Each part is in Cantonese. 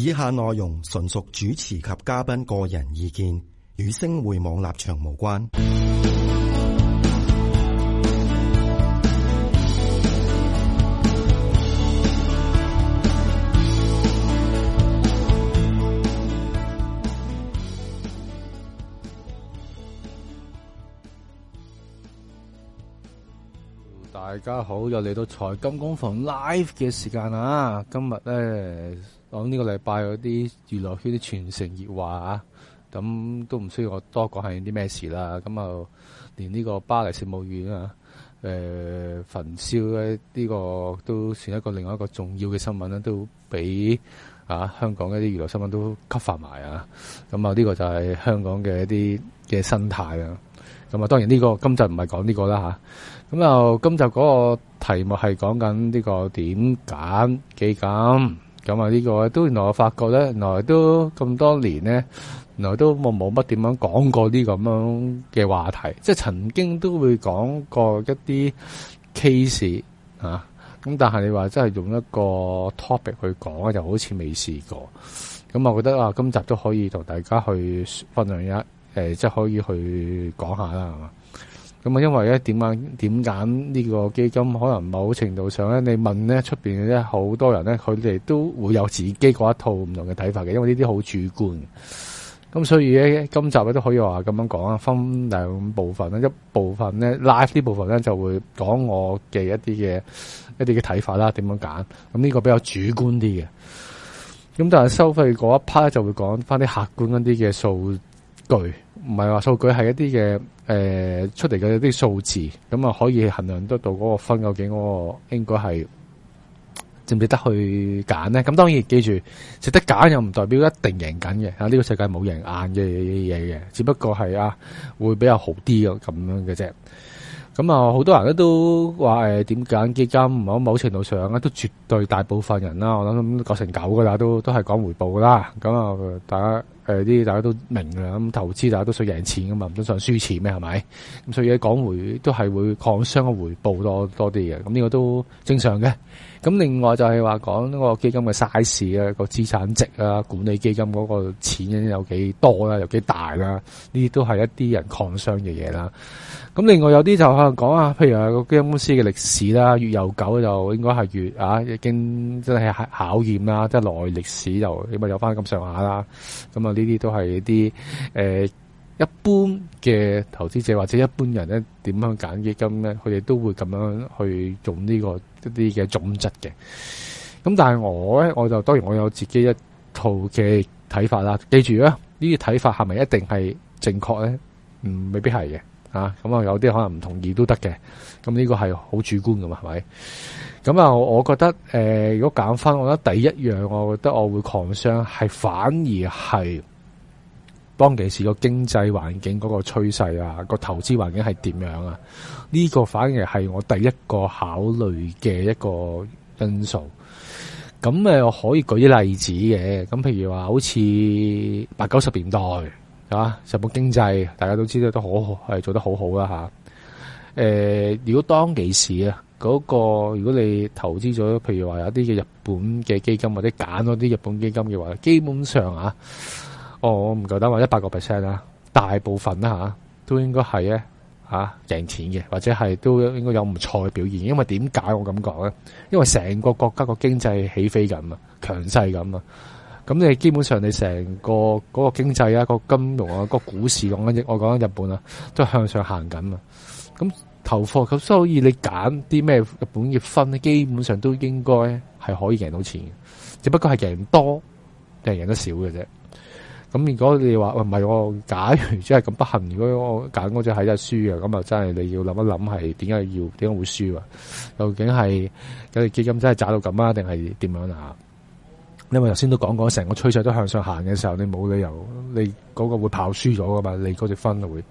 以下內容純屬主持及嘉賓個人意見，與星匯網立場無關。大家好，又嚟到財金工房 live 嘅時間啊！今日咧。講、這、呢個禮拜嗰啲娛樂圈啲全城熱話啊，咁都唔需要我多講係啲咩事啦。咁啊，連呢個巴黎聖母院啊，誒、呃、焚燒咧，呢、這個都算一個另外一個重要嘅新聞咧，都俾啊香港一啲娛樂新聞都吸發埋啊。咁啊，呢個就係香港嘅一啲嘅生態啊。咁啊，當然呢、這個今集唔係講呢、這個啦吓。咁又今集嗰個題目係講緊、這、呢個點揀幾揀。咁、這、啊、個，呢個都原來我發覺咧，原來都咁多年咧，原來都冇冇乜點樣講過啲咁樣嘅話題，即係曾經都會講過一啲 case 啊，咁但係你話真係用一個 topic 去講啊，就好似未試過。咁、嗯、我覺得啊，今集都可以同大家去分享一下，呃、即係可以去講下啦，係嘛？咁啊，因為咧，點揀點揀呢個基金，可能某程度上咧，你問咧出面，咧好多人咧，佢哋都會有自己嗰一套唔同嘅睇法嘅，因為呢啲好主觀嘅。咁所以咧，今集咧都可以話咁樣講啊，分兩部分啦，一部分咧 live 呢部分咧就會講我嘅一啲嘅一啲嘅睇法啦，點樣揀。咁呢個比較主觀啲嘅。咁但係收費嗰一 part 就會講翻啲客觀一啲嘅數。唔係話數據係一啲嘅誒出嚟嘅一啲數字，咁啊可以衡量得到嗰個分究竟嗰個應該係值唔值得去揀咧？咁當然記住，值得揀又唔代表一定贏緊嘅吓，呢、啊呢個世界冇贏硬嘅嘢嘅，只不過係啊會比較好啲嘅咁樣嘅啫。咁、嗯、啊，好多人咧都話誒，點、哎、揀基金？唔好某程度上咧都絕對大部分人啦，我諗咁，九成九噶啦，都都係講回報噶啦。咁、嗯、啊，大家誒啲、呃、大家都明㗎，咁、嗯、投資大家都想贏錢噶嘛，唔通想輸錢咩？係咪？咁所以講回都係會講商回報多多啲嘅，咁、嗯、呢、這個都正常嘅。咁另外就係話講呢個基金嘅 size 啊，個資產值啊，管理基金嗰個錢有幾多啦，有幾大啦，呢啲都係一啲人抗商嘅嘢啦。咁另外有啲就可能講啊，譬如話個基金公司嘅歷史啦，越悠久就應該係越啊，已經真係考驗啦，即係耐歷史就起碼有翻咁上下啦。咁啊，呢啲都係一啲誒。一般嘅投資者或者一般人咧，點樣揀基金咧？佢哋都會咁樣去做呢、呢個一啲嘅總質嘅。咁但係我咧，我就當然我有自己一套嘅睇法啦。記住啊，呢啲睇法係咪一定係正確咧？唔未必係嘅啊。咁啊，有啲可能唔同意都得嘅。咁呢個係好主觀㗎嘛，係咪？咁啊，我覺得誒、呃，如果揀翻，我覺得第一樣，我覺得我會擴張，係反而係。當其時個經濟環境嗰個趨勢啊，個投資環境係點樣啊？呢個反而係我第一個考慮嘅一個因素。咁誒，我可以舉啲例子嘅。咁譬如話，好似八九十年代啊，日本經濟大家都知道都好好，係做得好好啦吓。誒、啊呃，如果當其時啊，嗰個如果你投資咗，譬如話有啲嘅日本嘅基金或者揀嗰啲日本基金嘅話，基本上啊。哦、oh，我唔夠膽話一百個 percent 啦，大部分啦吓、啊、都應該係咧吓贏錢嘅，或者係都應該有唔錯嘅表現。因為點解我咁講咧？因為成個國家個經濟起飛緊啊，強勢緊啊。咁你基本上你成個嗰個經濟啊、個金融啊、個股市，我講一我講緊日本啊都向上行緊啊。咁投貨咁所以你揀啲咩日本業分，基本上都應該係可以贏到錢，只不過係贏多定係贏得少嘅啫。咁如果你話喂，唔係，我假如真係咁不幸，如果我揀嗰隻係真係輸嘅，咁啊，真係你要諗一諗係點解要點解會輸啊？究竟係有隻基金真係渣到咁啊？定係點樣啊？因為頭先都講過，成個趨勢都向上行嘅時候，你冇理由你嗰個會跑輸咗噶嘛？你嗰隻分啊會。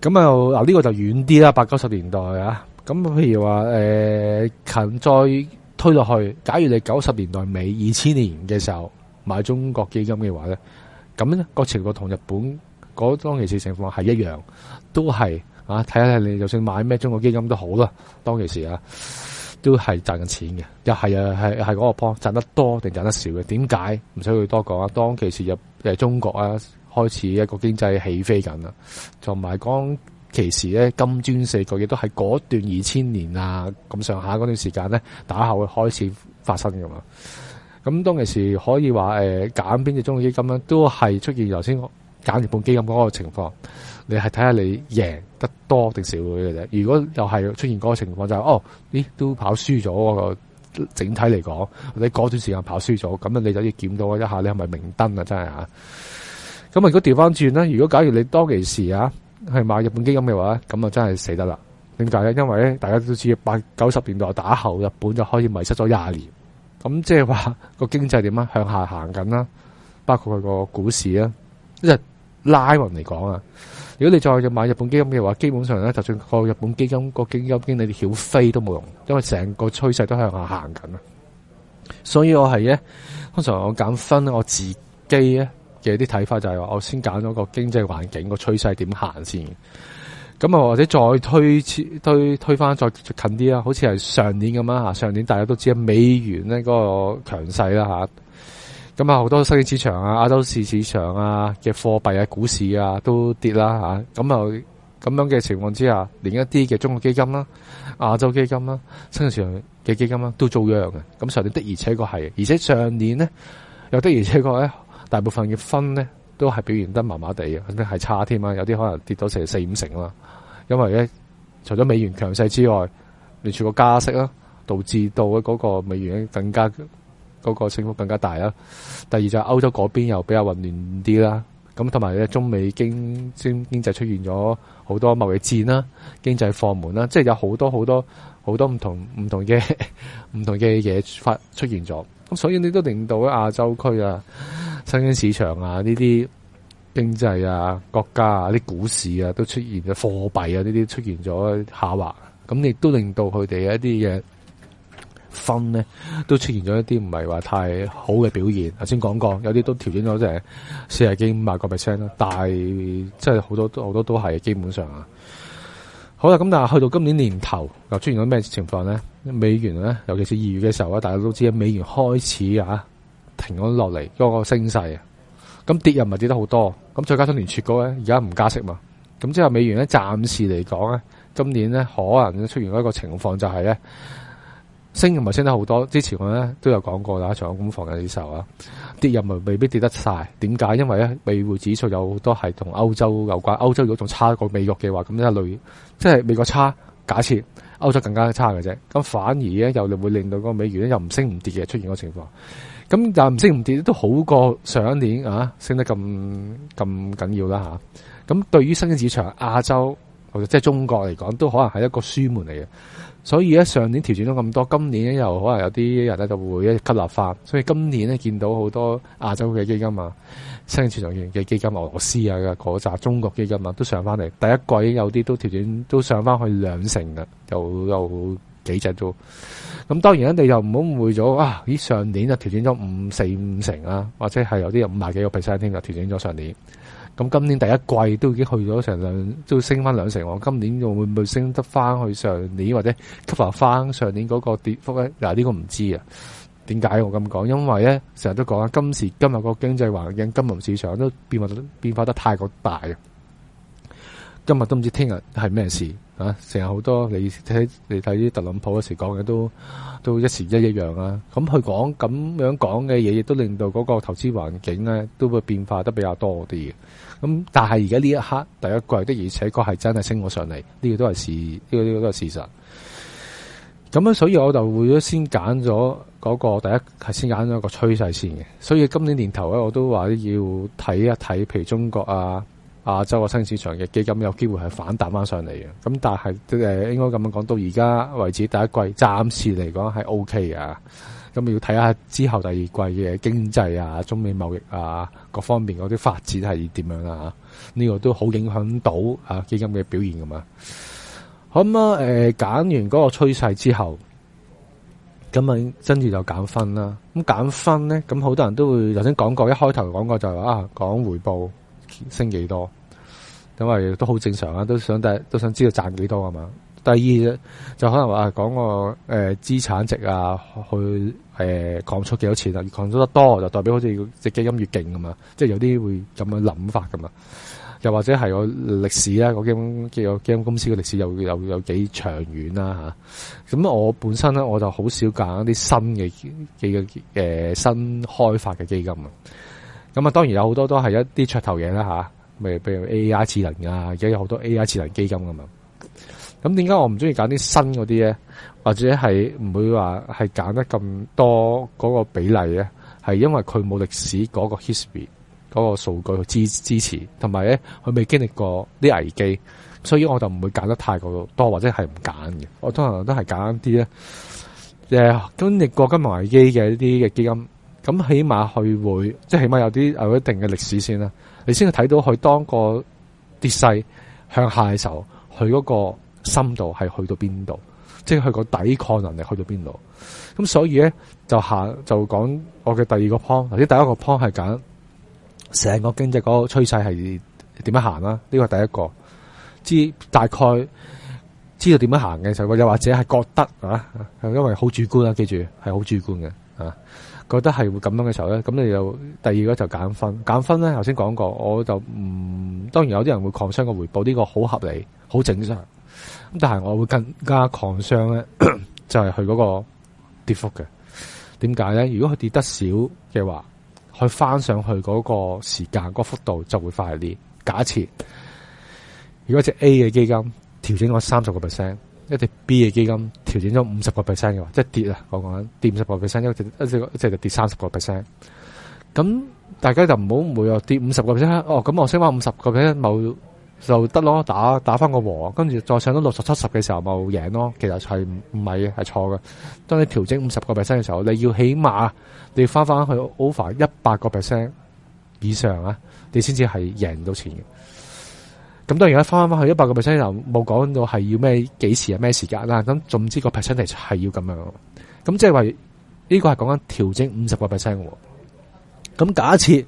咁啊嗱呢個就遠啲啦，八九十年代啊。咁譬如話誒近再推落去，假如你九十年代尾二千年嘅時候買中國基金嘅話咧。咁、那、咧個情況同日本嗰當其時情況係一樣，都係啊睇下你就算買咩中國基金都好啦，當其時、啊、都係賺緊錢嘅，又係啊係係嗰個波賺得多定賺得少嘅？點解唔需要多講啊？當其時又中國啊開始一個經濟起飛緊啦，同埋當其時咧金磚四國亦都係嗰段二千年呀、啊。咁上下嗰段時間呢，打後會開始發生嘅嘛。咁當其時可以話誒，揀邊隻中意基金都係出現頭先揀日本基金嗰個情況，你係睇下你贏得多定少嘅啫。如果又係出現嗰個情況，就係哦，咦都跑輸咗個整體嚟講，你嗰段時間跑輸咗，咁樣你就要檢討一下你係咪明燈啊？真係呀，咁如果調翻轉咧，如果假如你當其時啊係買日本基金嘅話，咁啊真係死得啦！點解咧？因為咧大家都知八九十年代打後日本就可以迷失咗廿年。咁即係話個經濟點啊，向下行緊啦，包括佢個股市啊，即係拉匀嚟講啊。如果你再要買日本基金嘅話，基本上咧，就算個日本基金，個基金經理曉飛都冇用，因為成個趨勢都向下行緊啊。所以我係咧，通常我揀分我自己咧嘅啲睇法就係話，我先揀咗個經濟環境，個趨勢點行先。咁啊，或者再推推推翻再近啲啊，好似係上年咁啊吓，上年大家都知啊，美元呢個強勢啦吓，咁啊好多新市場啊、亞洲市市場啊嘅貨幣啊、股市啊都跌啦吓，咁啊咁樣嘅情況之下，連一啲嘅中國基金啦、亞洲基金啦、新市場嘅基金啦都遭殃嘅，咁上年的而且確係，而且上年呢，又的而且確咧大部分嘅分咧。都係表現得麻麻地嘅，肯定係差添啦。有啲可能跌到成四五成啦。因為咧，除咗美元強勢之外，聯儲個加息啦，導致到嗰個美元更加嗰、嗰個升幅更加大啦。第二就係歐洲嗰邊又比較混亂啲啦。咁同埋咧，中美經經濟出現咗好多貿易戰啦、經濟放緩啦，即係有好多好多好多唔同唔同嘅唔同嘅嘢出現咗。咁所以你都令到亞洲區啊。新興市場啊，呢啲經濟啊、國家啊、啲股市啊，都出現咗貨幣啊，呢啲出現咗下滑，咁亦都令到佢哋一啲嘅分呢，都出現咗一啲唔係話太好嘅表現。頭先講過，有啲都調整咗成四十幾、五十個 percent 啦，但係即係好多都好多都係基本上啊。好啦，咁但係去到今年年頭又出現咗咩情況呢？美元咧，尤其是二月嘅時候咧，大家都知啊，美元開始啊。停咗落嚟嗰個升勢啊，咁跌又唔係跌得好多，咁再加上年串高，咧，而家唔加息嘛，咁之後美元咧暫時嚟講咧，今年咧可能出現一個情況就係咧升又唔係升得好多。之前我咧都有講過啦，財金工房有啲時候啊，跌又咪未必跌得晒。點解？因為咧美匯指數有好多係同歐洲有關，歐洲如果仲差過美國嘅話，咁一類即係美國差，假設歐洲更加差嘅啫，咁反而咧又會令到個美元咧又唔升唔跌嘅出現個情況。咁但係唔升唔跌都好過上一年啊，升得咁咁緊要啦吓！咁、啊、對於新興市場、亞洲或者即係中國嚟講，都可能係一個輸門嚟嘅。所以咧上年調整咗咁多，今年又可能有啲人咧就會一吸納翻。所以今年咧見到好多亞洲嘅基金啊，新興市場嘅基金、俄羅斯啊嘅嗰扎中國基金啊都上翻嚟。第一季有啲都調整都上翻去兩成啊。又又。幾隻都，咁當然咧，你又唔好誤會咗啊！咦，上年啊調整咗五四五成啊，或者係有啲有五廿幾個 percent 添啊，調整咗上年。咁今年第一季都已經去咗成兩，都升翻兩成。我今年又會唔會升得翻去上年，或者 cover 翻上年嗰個跌幅咧？嗱，呢個唔知啊。點解我咁講？因為咧，成日都講啊，今時今日個經濟環境、金融市場都變化得變化得太過大啊。今日都唔知聽日係咩事啊！成日好多你睇你睇啲特朗普嗰時講嘅都都一時一一樣啊！咁佢講咁樣講嘅嘢，亦都令到嗰個投資環境咧都會變化得比較多啲嘅。咁但係而家呢一刻第一季的而且確係真係升咗上嚟，呢個都係事，呢個呢個都係事實。咁樣所以我就會咗先揀咗嗰個第一係先揀咗個趨勢先嘅。所以今年年頭咧，我都話要睇一睇，譬如中國啊。啊，週日新市場嘅基金有機會係反彈翻上嚟嘅，咁但係都誒應該咁樣講，到而家為止第一季暫時嚟講係 O K 嘅，咁要睇下之後第二季嘅經濟啊、中美貿易啊各方面嗰啲發展係點樣啦、啊？呢、呢個都好影響到啊基金嘅表現噶嘛。好咁啊，誒揀完嗰個趨勢之後，咁啊，跟住就揀分啦。咁揀分咧，咁好多人都會頭先講過，一開頭講過就係、係、話啊，講回報。升幾多，咁啊都好正常啊，都想都想知道賺幾多啊嘛。第二就可能話講個誒資產值啊，去誒擴、呃、出幾多錢啊，擴充得多就代表好似隻基金越勁啊嘛，即係有啲會咁樣諗法噶嘛。又或者係個歷史啊、個基金基金公司嘅歷史又又有，有幾長遠啦吓。咁、啊、我本身咧，我就好少揀啲新嘅幾個誒、呃、新開發嘅基金啊。咁啊，當然有好多都係一啲噱頭嘢啦下，咪、啊、譬如 A.I. 智能啊，而家有好多 A.I. 智能基金噶、啊、嘛。咁點解我唔中意揀啲新嗰啲咧？或者係唔會話係揀得咁多嗰個比例咧？係因為佢冇歷史嗰個 history 嗰個數據去支支持，同埋咧佢未經歷過啲危機，所以我就唔會揀得太過多，或者係唔揀嘅。我通常都係揀啲咧，誒、啊、經歷過金融危機嘅一啲嘅基金。咁起碼佢會，即係起碼有啲有一定嘅歷史先啦，你先去睇到佢當個跌勢向下嘅時候，佢嗰個深度係去到邊度，即係佢個抵抗能力去到邊度。咁所以咧就行就講我嘅第二個 point，或者第一個 point 係揀成個經濟嗰個趨勢係點樣行啦。呢、這個係第一個知大概知道點樣行嘅時候，又或者係覺得啊，因為好主觀啊，記住係好主觀嘅啊。覺得係會咁樣嘅時候咧，咁你就第二個就減分，減分咧頭先講過，我就唔當然有啲人會關注個回報，呢個好合理，好正常。咁但係我會更加關注咧，就係佢嗰個跌幅嘅。點解咧？如果佢跌得少嘅話，佢翻上去嗰個時間、嗰個幅度就會快啲。假設如果隻 A 嘅基金調整咗三十個 percent。一啲 B 嘅基金調整咗五十個 percent 嘅話，即係跌啊！我講，跌五十個 percent，一直一直即係跌三十個 percent。咁大家就唔好誤會跌五十個 percent，哦，咁我升翻五十個 percent，冇就得咯，打打翻個和，跟住再上到六十七十嘅時候，咪贏咯。其實係唔係嘅，係錯嘅。當你調整五十個 percent 嘅時候，你要起碼你要翻翻去 over 一百個 percent 以上啊，你先至係贏到錢嘅。咁當然而家翻翻去一百個 percent 又冇講到係要咩幾時係咩時間啦，咁總之個 percent 係要咁樣，咁即係話呢個係講緊調整五十個 percent，咁假設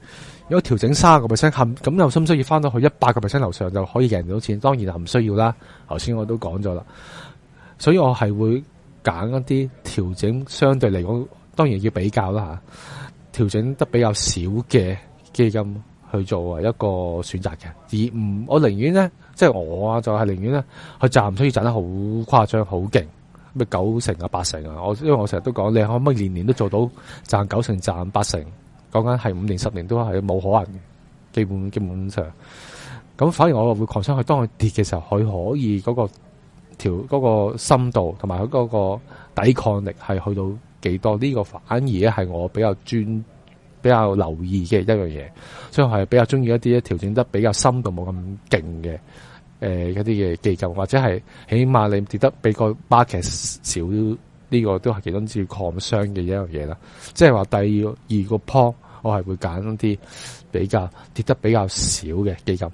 如果調整三十個 percent，咁咁又需唔需要翻到去一百個 percent 樓上就可以贏到錢？當然係唔需要啦，頭先我都講咗啦，所以我係會揀一啲調整相對嚟講，當然要比較啦吓，調整得比較少嘅基金。去做啊一個選擇嘅，而唔我寧願咧，即係我啊，就係寧願咧佢賺，唔需要賺得好誇張、好勁，咩九成啊、八成啊，我因為我成日都講，你可唔可以年年都做到賺九成、賺八成？講緊係五年、十年都係冇可能嘅，基本基本上。咁反而我就會擴張佢，當佢跌嘅時候，佢可以嗰、那個調嗰、那個那個深度同埋嗰個抵抗力係去到幾多？呢、這個反而係我比較專。比較留意嘅一樣嘢，所以我係比較中意一啲調整得比較深度冇咁勁嘅，誒、呃、一啲嘅基金，或者係起碼你跌得比個 market 少呢，這個都係其中之要抗傷嘅一樣嘢啦。即係話第二二個 point，我係會揀啲比較跌得比較少嘅基金，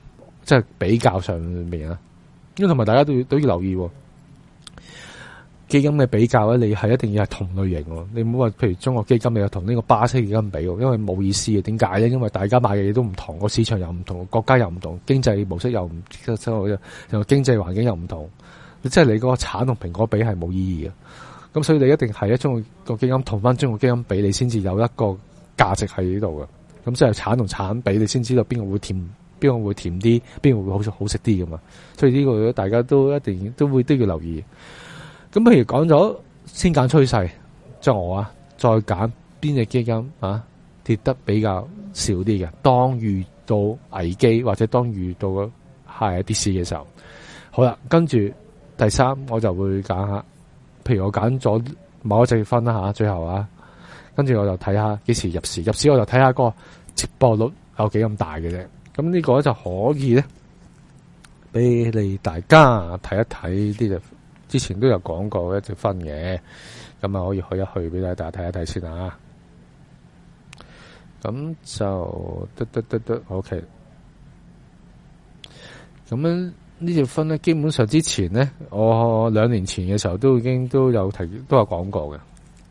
即、就、係、是、比較上面啊。咁同埋大家都要都要留意的。基金嘅比較咧，你係一定要係同類型咯。你唔好話，譬如中國基金，你又同呢個巴西基金比，因為冇意思嘅。點解咧？因為大家買嘅嘢都唔同，個市場又唔同，國家又唔同，經濟模式又唔即係即係又經濟環境又唔同。即係你個橙同蘋果比係冇意義嘅。咁所以你一定係中國基金同翻中國基金比，你先至有一個價值喺呢度嘅。咁即係橙同橙比，你先知道邊個會甜，邊個會甜啲，邊個會好好食啲咁。嘛。所以呢個大家都一定都會都要留意的。咁譬如講咗先揀趨勢，即係我啊，再揀邊隻基金啊跌得比較少啲嘅，當遇到危機或者當遇到下一啲事嘅時候，好啦，跟住第三我就會揀下，譬如我揀咗某一隻分啦嚇，啊，最後啊，跟住我就睇下幾時入市，入市我就睇下個接波率有幾咁大嘅啫。咁呢個就可以咧，俾你大家睇一睇呢隻。之前都有講過一隻分嘅，咁啊可以去一去俾大家睇一睇先啊。咁就得得得得，OK。咁樣呢隻分咧，基本上之前咧，我兩年前嘅時候都已經都有提，都有講過嘅。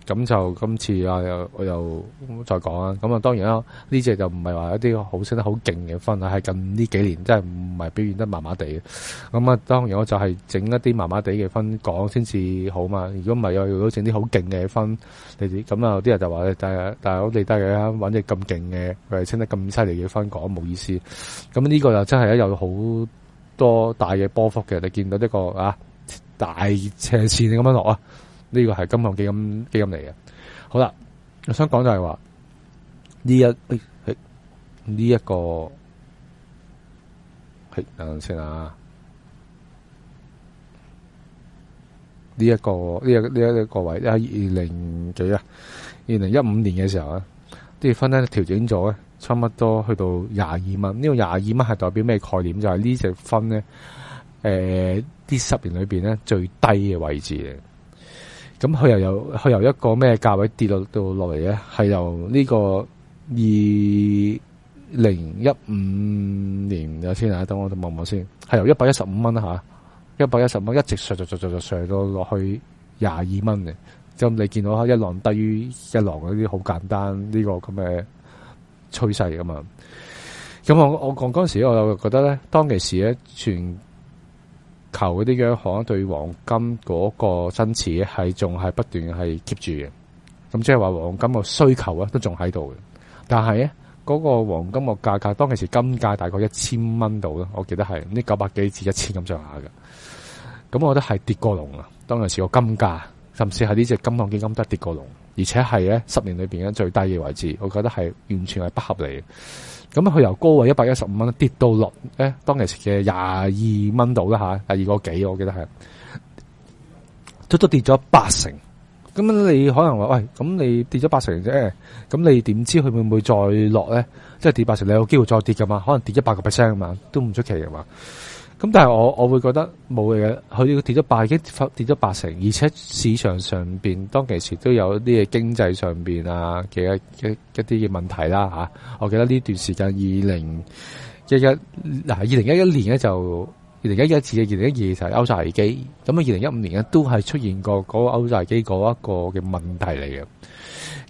咁就今次啊，又我又再講啦。咁啊，當然啦，呢隻就唔係話一啲好升得好勁嘅分啊，係近呢幾年真係唔係表現得麻麻地嘅。咁啊，當然我就係整一啲麻麻地嘅分講先至好嘛。如果唔係，又都整啲好勁嘅分，你哋咁啊，有啲人就話你但係但係我哋得嘅啦，揾隻咁勁嘅，誒升得咁犀利嘅分講冇意思。咁呢個又真係有好多大嘅波幅嘅，你見到呢個啊大斜線咁樣落啊。呢個係金融基金基金嚟嘅，好啦，我想講就係話呢一誒呢一個係等先啊，呢一個呢一呢一個位二零幾啊，二零一五年嘅時候咧，啲分咧調整咗，差唔多去到廿二蚊。呢個廿二蚊係代表咩概念？就係、是、呢隻分咧，誒、呃，啲十年裏邊咧最低嘅位置嚟。咁佢又有佢由一個咩價位跌落到落嚟咧？係由呢個二零一五年有先看看啊，等我哋望望先。係由一百一十五蚊下吓一百一十蚊，一直上，削削削，到落去廿二蚊嘅。咁你見到一浪低於一浪嗰啲好簡單呢、呢個咁嘅趨勢㗎嘛。咁我我講嗰陣時，我又覺得咧，當其時咧全。求嗰啲央行對黃金嗰個增持係仲係不斷係 keep 住嘅，咁即係話黃金嘅需求咧都仲喺度嘅，但係咧嗰個黃金嘅價格當其時金價大概一千蚊度啦，我記得係呢九百幾至一千咁上下嘅，咁我覺得係跌過龍啦。當其時個金價甚至係呢隻金礦基金都係跌過龍，而且係咧十年裏邊最低嘅位置，我覺得係完全係不合理嘅。咁佢由高位一百一十五蚊跌到落誒，當其時嘅廿二蚊度啦吓，廿二個幾，我記得係，足足跌咗八成。咁你可能話喂，咁你跌咗八成啫，咁你點知佢會唔會再落咧？即係跌八成，你有機會再跌噶嘛？可能跌一百個 percent 啊嘛，都唔出奇㗎嘛。咁但係我我會覺得冇嘅，佢跌咗八成，跌咗八成，而且市場上邊當其時都有一啲嘅經濟上邊啊，嘅一一啲嘅問題啦吓、啊。我記得呢段時間二零,二零一一嗱二零一一年咧就二零一一至二零一二就係歐債危機，咁啊二零一五年咧都係出現過嗰個歐債危機嗰一個嘅問題嚟嘅。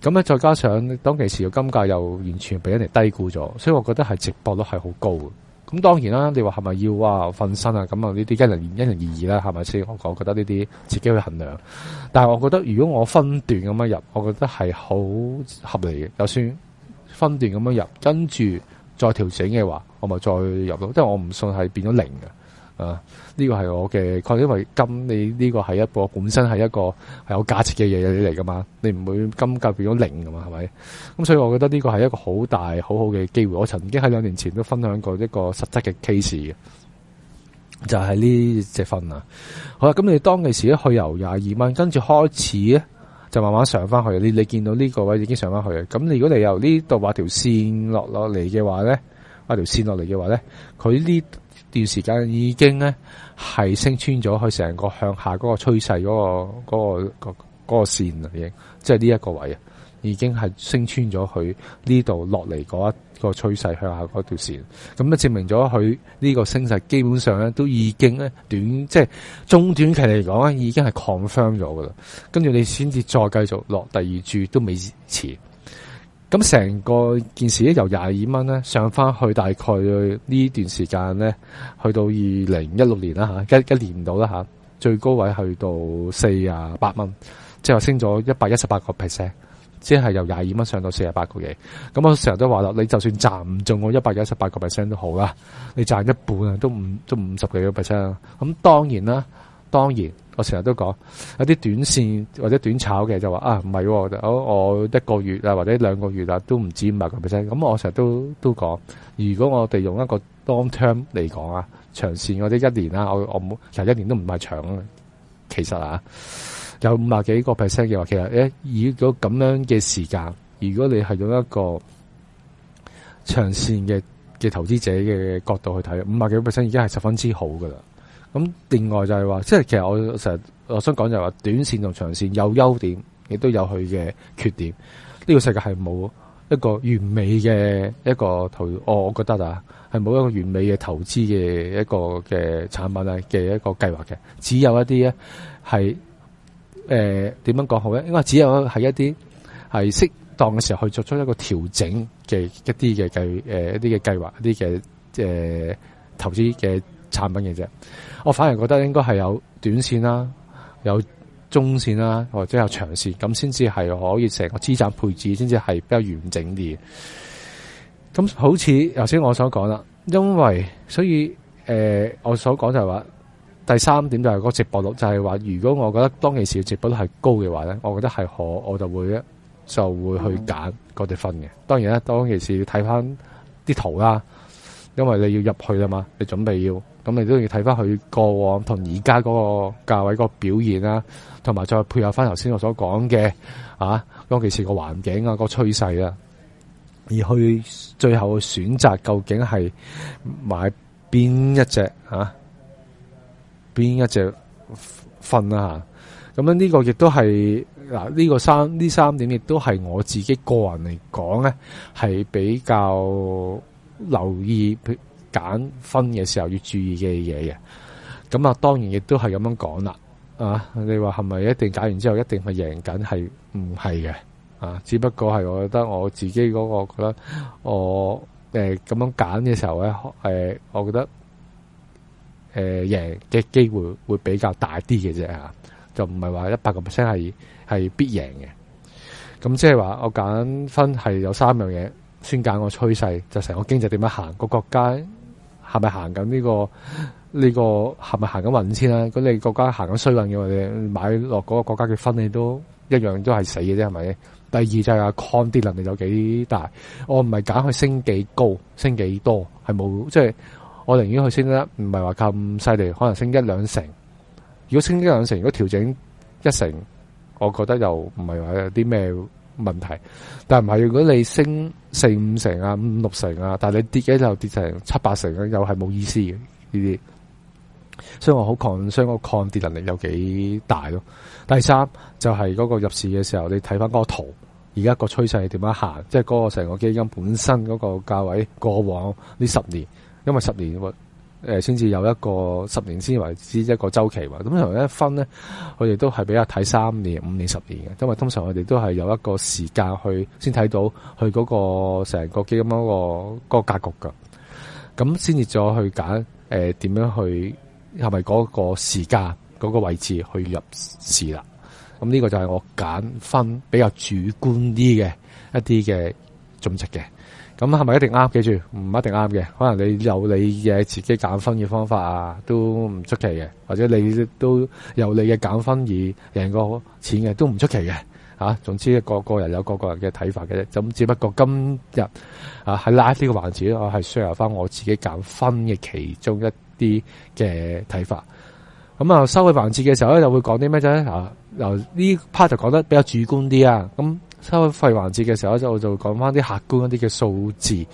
咁咧再加上當其時嘅金價又完全俾人哋低估咗，所以我覺得係直播率係好高嘅。咁當然啦，你話係咪要啊瞓身啊？咁啊呢啲因人因人而異啦，係咪先？我覺得呢啲自己去衡量。但係我覺得如果我分段咁樣入，我覺得係好合理嘅。就算分段咁樣入，跟住再調整嘅話，我咪再入咯。即係我唔信係變咗零嘅。啊！呢個係我嘅，因為金你呢個係一個本身係一個係有價值嘅嘢、嘢嚟噶嘛，你唔會金價變咗零噶嘛，係咪？咁所以我覺得呢個係一個好大、好好嘅機會。我曾經喺兩年前都分享過一個實質嘅 case 嘅，就係呢隻份啊。好啦，咁你當其時一去由廿二蚊，跟住開始咧就慢慢上翻去。你你見到呢個位已經上翻去，咁如果你由呢度畫條線落落嚟嘅話咧，畫條線落嚟嘅話咧，佢呢？段時間已經咧係升穿咗佢成個向下嗰個趨勢嗰個嗰個嗰個線啦，已經即係呢一個位啊，已經係升穿咗佢呢度落嚟嗰一個趨勢向下嗰條線，咁啊證明咗佢呢個升勢基本上咧都已經咧短即係中短期嚟講咧已經係 confirm 咗噶啦，跟住你先至再繼續落第二注都未遲。咁成個件事咧，由廿二蚊咧上翻去，大概呢段時間咧，去到二零一六年啦嚇，一一年到啦嚇，最高位去到四啊八蚊，之後升咗一百一十八個 percent，即係由廿二蚊上到四啊八個幾。咁我成日都話啦，你就算賺唔中我一百一十八個 percent 都好啦，你賺一半啊，都五都五十幾個 percent 啦。咁當然啦。當然，我成日都講有啲短線或者短炒嘅就話啊，唔係我我一個月啊或者兩個月啊都唔止五百個 percent。咁、嗯、我成日都都講，如果我哋用一個 long term 嚟講啊，長線或者一年啊，我我冇其實一年都唔係長啊。其實啊，有五百幾個 percent 嘅話，其實咧、呃、以咗咁樣嘅時間，如果你係用一個長線嘅嘅投資者嘅角度去睇，五百幾個 percent 已經係十分之好噶啦。咁另外就係話，即係其實我成日我想講就係話，短線同長線有優點，亦都有佢嘅缺點。呢個世界係冇一個完美嘅一個投，我我覺得啊，係冇一個完美嘅投資嘅一個嘅產品啊嘅一個計劃嘅，只有一啲咧係誒點樣講好咧？因為只有係一啲係適當嘅時候去作出一個調整嘅一啲嘅計誒一啲嘅計劃，一啲嘅、呃、投資嘅。產品嘅啫，我反而覺得應該係有短線啦，有中線啦，或者有長線，咁先至係可以成個資產配置，先至係比較完整啲。咁好似頭先我所講啦，因為所以誒、呃，我所講就係話第三點就係個值博率就，就係話如果我覺得當其時值博率係高嘅話咧，我覺得係可，我就會咧就會去揀嗰啲分嘅。當然啦，當其時要睇翻啲圖啦。因為你要入去啦嘛，你準備要，咁你都要睇翻佢過往同而家嗰個價位個表現啦、啊，同埋再配合翻頭先我所講嘅，啊，尤其是個環境啊，個趨勢啊。而去最後選擇究竟係買邊一隻啊，邊一隻份啦咁樣，呢個亦都係嗱呢個三呢三點亦都係我自己個人嚟講咧，係比較。留意佢揀分嘅時候要注意嘅嘢嘅，咁啊當然亦都係咁樣講啦，啊你話係咪一定揀完之後一定係贏緊？係唔係嘅？啊，只不過係我覺得我自己、嗰個覺得我誒咁、欸、樣揀嘅時候咧，誒、欸、我覺得誒贏嘅機會會比較大啲嘅啫吓，就唔係話一百個 percent 係係必贏嘅。咁即係話我揀分係有三樣嘢。先揀個趨勢，就成個經濟點樣行，個國家係咪行緊呢個呢個係咪行緊運先啦？咁你國家行緊衰運嘅話，你買落嗰個國家嘅分，你分都一樣都係死嘅啫，係咪？第二就係抗跌能力有幾大？我唔係揀佢升幾高，升幾多係冇，即係、就是、我寧願佢升得，唔係話咁犀利，可能升一兩成。如果升一兩成，如果調整一成，我覺得又唔係話有啲咩問題，但唔係如果你升四五成啊五六成啊，但你跌幾就跌成七八成啊，又係冇意思嘅呢啲，所以我好抗，所以我個抗跌能力有幾大咯，啊。第三就係、是、嗰個入市嘅時候，你睇翻嗰個圖，而家個趨勢係點樣行，即係嗰個成個基金本身嗰個價位過往呢十年，因為十年。誒，先至有一個十年先為之一個週期。咁通常一分咧，我哋都係比較睇三年、五年、十年嘅，因為通常我哋都係有一個時間去先睇到佢嗰個成個基金嗰、嗰個、嗰個格局㗎。咁先至再去揀誒點樣去係咪嗰個時間嗰、嗰個位置去入市啦。咁呢個就係我揀分比較主觀啲嘅一啲嘅總值嘅。咁係咪一定啱？記住唔一定啱嘅，可能你有你嘅自己減分嘅方法啊，都唔出奇嘅；或者你都有你嘅減分而贏過錢嘅，都唔出奇嘅。吓、啊，總之個個人有個個人嘅睇法嘅啫。咁只不，不過今日啊，live 呢個環節，我係 share 翻我自己減分嘅其中一啲嘅睇法。咁啊，收費環節嘅時候咧、啊，就會講啲咩啫？呢、啊、part 就講得比較主觀啲啊。咁、嗯。收費環節嘅時候咧，就我就講翻啲客觀一啲嘅數字，一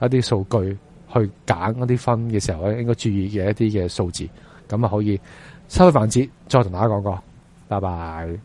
啲數據去揀一啲分嘅時候咧，應該注意嘅一啲嘅數字，咁啊可以收費環節再同大家講過，拜拜。